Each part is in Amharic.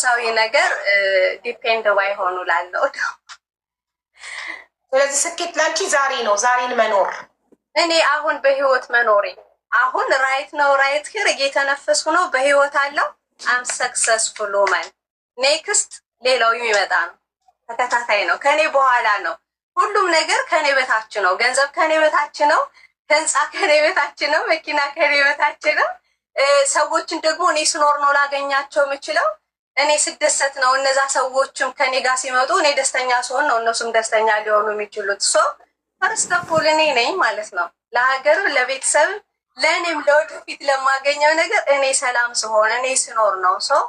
በቁሳዊ ነገር ዲፔንድ ባይሆኑ ላለው። ስለዚህ ስኬት ላንቺ ዛሬ ነው፣ ዛሬን መኖር። እኔ አሁን በህይወት መኖሬ አሁን ራይት ነው፣ ራይት ሄር እየተነፈስኩ ነው፣ በህይወት አለው። አም ሰክሰስፉል ውመን። ኔክስት ሌላው ይመጣ ነው፣ ተከታታይ ነው፣ ከኔ በኋላ ነው። ሁሉም ነገር ከኔ በታች ነው። ገንዘብ ከኔ በታች ነው። ህንፃ ከኔ በታች ነው። መኪና ከኔ በታች ነው። ሰዎችን ደግሞ እኔ ስኖር ነው ላገኛቸው የምችለው። እኔ ስደሰት ነው። እነዛ ሰዎችም ከኔ ጋር ሲመጡ እኔ ደስተኛ ሲሆን ነው እነሱም ደስተኛ ሊሆኑ የሚችሉት። ሶ ፈርስቶፖል እኔ ነኝ ማለት ነው። ለሀገር ለቤተሰብ፣ ለእኔም ለወደፊት ለማገኘው ነገር እኔ ሰላም ስሆን እኔ ስኖር ነው። ሶ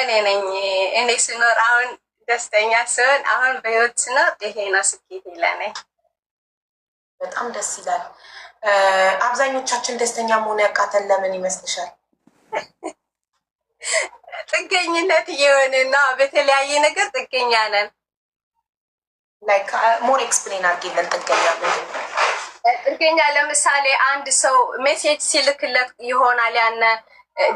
እኔ ነኝ እኔ ስኖር አሁን ደስተኛ ስሆን አሁን በህይወት ስኖር ይሄ ነው ስኬት ለኔ። በጣም ደስ ይላል። አብዛኞቻችን ደስተኛ መሆን ያቃተን ለምን ይመስልሻል? ጥገኝነት እየሆነና በተለያየ ነገር ጥገኛ ነን። ሞር ኤክስፕሌን uh, አድርጊልን። ጥገኛ ጥገኛ ለምሳሌ አንድ ሰው ሜሴጅ ሲልክለት ይሆናል ያነ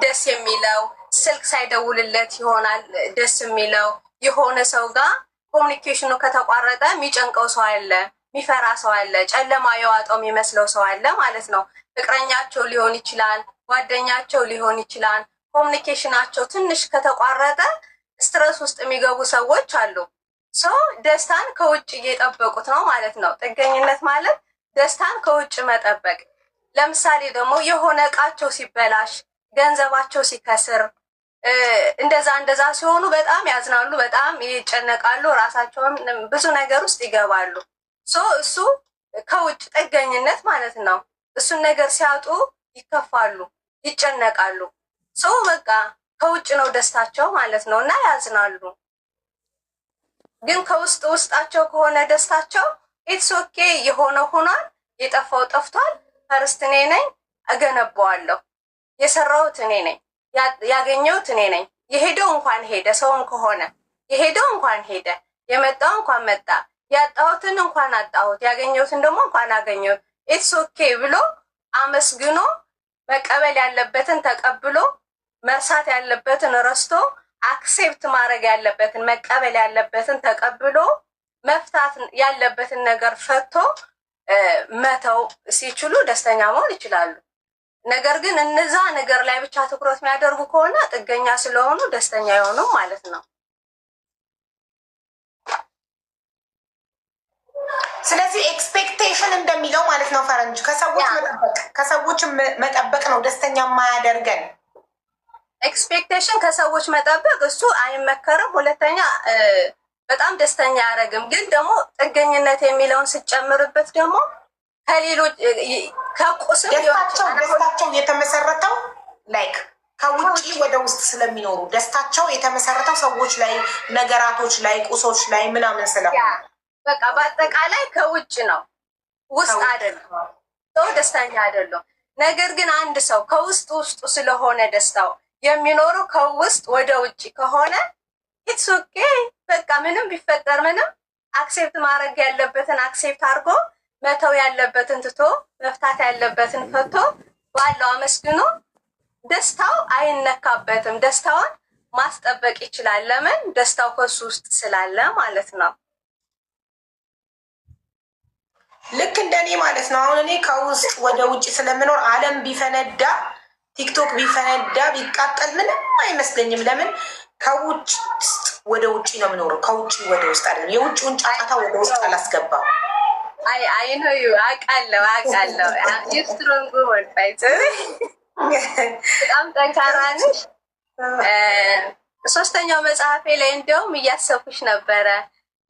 ደስ የሚለው ስልክ ሳይደውልለት ይሆናል ደስ የሚለው የሆነ ሰው ጋር ኮሚኒኬሽኑ ከተቋረጠ የሚጨንቀው ሰው አለ፣ የሚፈራ ሰው አለ፣ ጨለማ የዋጠው የሚመስለው ሰው አለ ማለት ነው። ፍቅረኛቸው ሊሆን ይችላል፣ ጓደኛቸው ሊሆን ይችላል ኮሚኒኬሽናቸው ትንሽ ከተቋረጠ ስትረስ ውስጥ የሚገቡ ሰዎች አሉ። ሰው ደስታን ከውጭ እየጠበቁት ነው ማለት ነው። ጥገኝነት ማለት ደስታን ከውጭ መጠበቅ። ለምሳሌ ደግሞ የሆነ እቃቸው ሲበላሽ፣ ገንዘባቸው ሲከስር፣ እንደዛ እንደዛ ሲሆኑ በጣም ያዝናሉ፣ በጣም ይጨነቃሉ፣ ራሳቸውን ብዙ ነገር ውስጥ ይገባሉ። እሱ ከውጭ ጥገኝነት ማለት ነው። እሱን ነገር ሲያጡ ይከፋሉ፣ ይጨነቃሉ። ሰው በቃ ከውጭ ነው ደስታቸው ማለት ነው እና ያዝናሉ። ግን ከውስጥ ውስጣቸው ከሆነ ደስታቸው ኢትስ ኦኬ የሆነ ሆኗል፣ የጠፋው ጠፍቷል፣ ፈርስት እኔ ነኝ፣ እገነባዋለሁ። የሰራሁት እኔ ነኝ፣ ያገኘሁት እኔ ነኝ። የሄደው እንኳን ሄደ፣ ሰውም ከሆነ የሄደው እንኳን ሄደ፣ የመጣው እንኳን መጣ፣ ያጣሁትን እንኳን አጣሁት፣ ያገኘሁትን ደግሞ እንኳን አገኘሁት፣ ኢትስ ኦኬ ብሎ አመስግኖ መቀበል ያለበትን ተቀብሎ መርሳት ያለበትን ረስቶ አክሴፕት ማድረግ ያለበትን መቀበል ያለበትን ተቀብሎ መፍታት ያለበትን ነገር ፈቶ መተው ሲችሉ ደስተኛ መሆን ይችላሉ። ነገር ግን እነዛ ነገር ላይ ብቻ ትኩረት የሚያደርጉ ከሆነ ጥገኛ ስለሆኑ ደስተኛ የሆኑ ማለት ነው። ስለዚህ ኤክስፔክቴሽን እንደሚለው ማለት ነው ፈረንጅ ከሰዎች መጠበቅ ከሰዎች መጠበቅ ነው ደስተኛ የማያደርገን ኤክስፔክቴሽን ከሰዎች መጠበቅ እሱ አይመከርም። ሁለተኛ በጣም ደስተኛ አያደርግም። ግን ደግሞ ጥገኝነት የሚለውን ስጨምርበት ደግሞ ከሌሎች ከቁስም ደስታቸው የተመሰረተው ላይክ ከውጭ ወደ ውስጥ ስለሚኖሩ ደስታቸው የተመሰረተው ሰዎች ላይ፣ ነገራቶች ላይ፣ ቁሶች ላይ ምናምን ስለሆነ በቃ በአጠቃላይ ከውጭ ነው ውስጥ አይደለም ሰው ደስተኛ አይደለም። ነገር ግን አንድ ሰው ከውስጥ ውስጡ ስለሆነ ደስታው የሚኖሩ ከውስጥ ወደ ውጭ ከሆነ ኢትስ ኦኬ። በቃ ምንም ቢፈጠር ምንም አክሴፕት ማድረግ ያለበትን አክሴፕት አድርጎ መተው ያለበትን ትቶ መፍታት ያለበትን ፈቶ ባለው አመስግኖ ደስታው አይነካበትም። ደስታውን ማስጠበቅ ይችላል። ለምን ደስታው ከሱ ውስጥ ስላለ ማለት ነው። ልክ እንደኔ ማለት ነው። አሁን እኔ ከውስጥ ወደ ውጭ ስለምኖር አለም ቢፈነዳ ቲክቶክ ቢፈነዳ ቢቃጠል ምንም አይመስለኝም። ለምን ከውጭ ወደ ውጭ ነው የምኖረው፣ ከውጭ ወደ ውስጥ አይደለም። የውጭውን ጫጫታ ወደ ውስጥ አላስገባም። አይ አይ ነው አውቃለሁ፣ አውቃለሁ። በጣም ጠንካራ ነሽ። ሶስተኛው መጽሐፌ ላይ እንዲያውም እያሰብኩሽ ነበረ።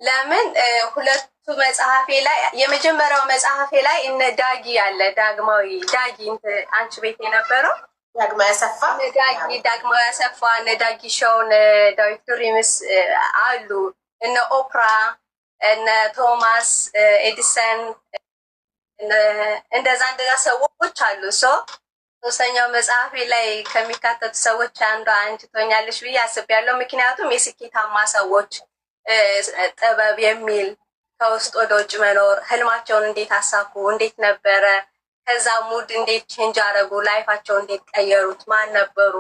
ለምን ሁለቱ መጽሐፌ ላይ የመጀመሪያው መጽሐፌ ላይ እነ ዳጊ አለ ዳግማዊ ዳጊ አንቺ ቤት የነበረው ዳግማ ነዳጊ ዳግማ ያሰፋ እነ ዳጊሾውን ዳዊት ዱሪምስ አሉ እነ ኦፕራ እነ ቶማስ ኤዲሰን እንደዛ እንደዛ ሰዎች አሉ። ሶ ሶስተኛው መጽሐፌ ላይ ከሚካተቱ ሰዎች አንዷ አንቺ ትሆኛለሽ ብዬ አስቤያለሁ። ምክንያቱም የስኬታማ ሰዎች ጥበብ የሚል ከውስጥ ወደ ውጭ መኖር ህልማቸውን እንዴት አሳኩ፣ እንዴት ነበረ ከዛ ሙድ እንዴት ቼንጅ አደረጉ? ላይፋቸው እንዴት ቀየሩት? ማን ነበሩ?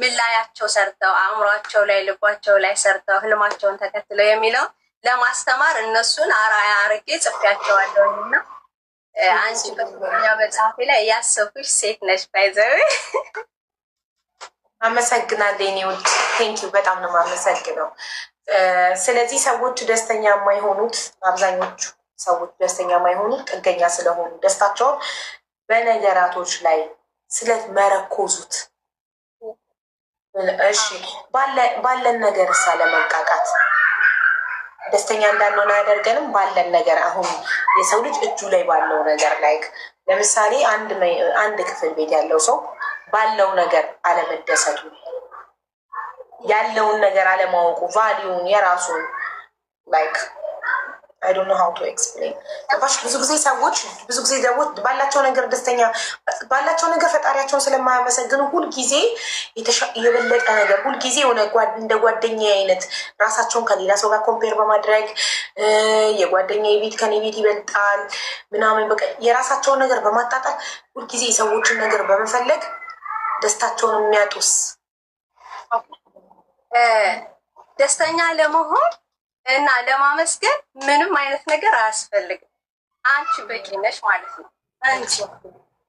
ምን ላያቸው ሰርተው አእምሯቸው ላይ ልቧቸው ላይ ሰርተው ህልማቸውን ተከትለው የሚለው ለማስተማር እነሱን አራያ አርጌ ጽፌያቸዋለሁኝ እና አንቺ በኛ መጽሐፌ ላይ እያሰብኩሽ ሴት ነች ባይዘዌ አመሰግናለሁ የኔ ውድ ቴንኪው። በጣም ነው የማመሰግነው። ስለዚህ ሰዎች ደስተኛ የማይሆኑት አብዛኞቹ ሰዎች ደስተኛ የማይሆኑት ጥገኛ ስለሆኑ ደስታቸውን በነገራቶች ላይ መረኮዙት። እሺ ባለን ነገር እሳ ለመቃቃት ደስተኛ እንዳንሆን አያደርገንም። ባለን ነገር አሁን የሰው ልጅ እጁ ላይ ባለው ነገር ላይ ለምሳሌ አንድ ክፍል ቤት ያለው ሰው ባለው ነገር አለመደሰቱ፣ ያለውን ነገር አለማወቁ፣ ቫሊዩን የራሱን ላይክ አይ ዶንት ኖ ሃው ቱ ኤክስፕሌን ገባሽ። ብዙ ጊዜ ሰዎች ብዙ ጊዜ ባላቸው ነገር ደስተኛ ባላቸው ነገር ፈጣሪያቸውን ስለማያመሰግኑ ሁልጊዜ የበለጠ ነገር ሁልጊዜ የሆነ እንደ ጓደኛ አይነት ራሳቸውን ከሌላ ሰው ጋር ኮምፔር በማድረግ የጓደኛ ቤት ከኔ ቤት ይበልጣል ምናምን በቃ የራሳቸውን ነገር በማጣጣል ሁልጊዜ የሰዎችን ነገር በመፈለግ ደስታቸውን የሚያጡስ ደስተኛ ለመሆን እና ለማመስገን ምንም አይነት ነገር አያስፈልግም። አንቺ በቂ ነሽ ማለት ነው። አንቺ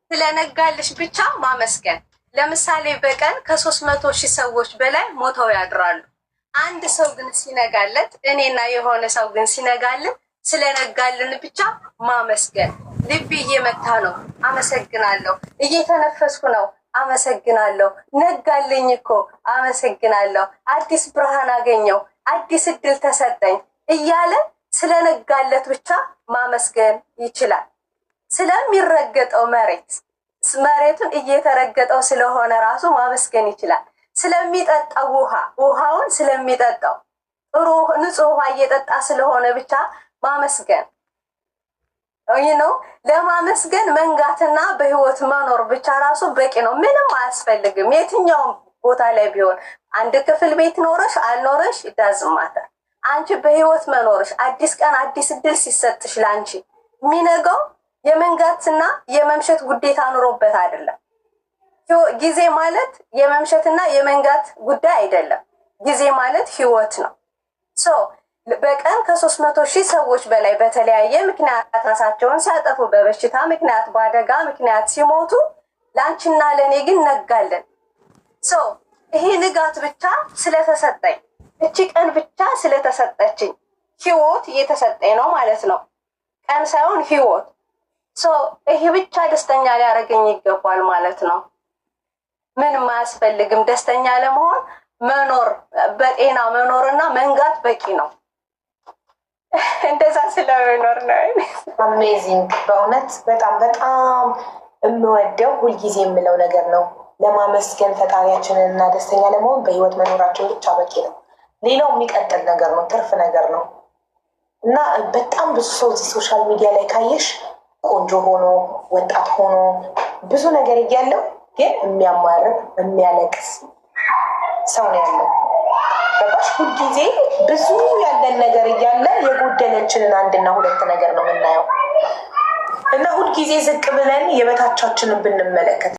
ስለነጋልሽ ብቻ ማመስገን። ለምሳሌ በቀን ከሶስት መቶ ሺህ ሰዎች በላይ ሞተው ያድራሉ። አንድ ሰው ግን ሲነጋለት፣ እኔና የሆነ ሰው ግን ሲነጋልን ስለነጋልን ብቻ ማመስገን። ልቤ እየመታ ነው፣ አመሰግናለሁ። እየተነፈስኩ ነው፣ አመሰግናለሁ። ነጋልኝ እኮ አመሰግናለሁ። አዲስ ብርሃን አገኘው አዲስ እድል ተሰጠኝ እያለ ስለነጋለት ብቻ ማመስገን ይችላል። ስለሚረገጠው መሬት መሬቱን እየተረገጠው ስለሆነ ራሱ ማመስገን ይችላል። ስለሚጠጣው ውሃ ውሃውን ስለሚጠጣው ጥሩ ንጹህ ውሃ እየጠጣ ስለሆነ ብቻ ማመስገን ይህ ነው። ለማመስገን መንጋትና በህይወት መኖር ብቻ ራሱ በቂ ነው። ምንም አያስፈልግም። የትኛውም ቦታ ላይ ቢሆን አንድ ክፍል ቤት ኖረሽ አልኖረሽ ይዳዝማታ አንቺ በህይወት መኖርሽ አዲስ ቀን አዲስ እድል ሲሰጥሽ ለአንቺ የሚነጋው የመንጋትና የመምሸት ጉዴታ ኑሮበት አይደለም። ጊዜ ማለት የመምሸትና የመንጋት ጉዳይ አይደለም። ጊዜ ማለት ህይወት ነው። ሶ በቀን ከሶስት መቶ ሺህ ሰዎች በላይ በተለያየ ምክንያት ራሳቸውን ሲያጠፉ፣ በበሽታ ምክንያት፣ በአደጋ ምክንያት ሲሞቱ ለአንቺና ለእኔ ግን ነጋለን። ሰው ይሄ ንጋት ብቻ ስለተሰጠኝ እቺ ቀን ብቻ ስለተሰጠችኝ ህይወት እየተሰጠኝ ነው ማለት ነው። ቀን ሳይሆን ህይወት ይሄ ብቻ ደስተኛ ሊያደርገኝ ይገባል ማለት ነው። ምንም አያስፈልግም። ደስተኛ ለመሆን መኖር፣ በጤና መኖር እና መንጋት በቂ ነው። እንደዛ ስለመኖር ነው። አሜዚንግ! በእውነት በጣም በጣም የምወደው ሁልጊዜ የምለው ነገር ነው ለማመስገን ፈጣሪያችንን እና ደስተኛ ለመሆን በህይወት መኖራችን ብቻ በቂ ነው። ሌላው የሚቀጥል ነገር ነው፣ ትርፍ ነገር ነው እና በጣም ብዙ ሰው እዚህ ሶሻል ሚዲያ ላይ ካየሽ ቆንጆ ሆኖ ወጣት ሆኖ ብዙ ነገር እያለው ግን የሚያማርብ የሚያለቅስ ሰው ነው ያለው። በቃሽ ሁልጊዜ ብዙ ያለን ነገር እያለ የጎደለችንን አንድና ሁለት ነገር ነው የምናየው እና ሁልጊዜ ዝቅ ብለን የበታቻችንን ብንመለከት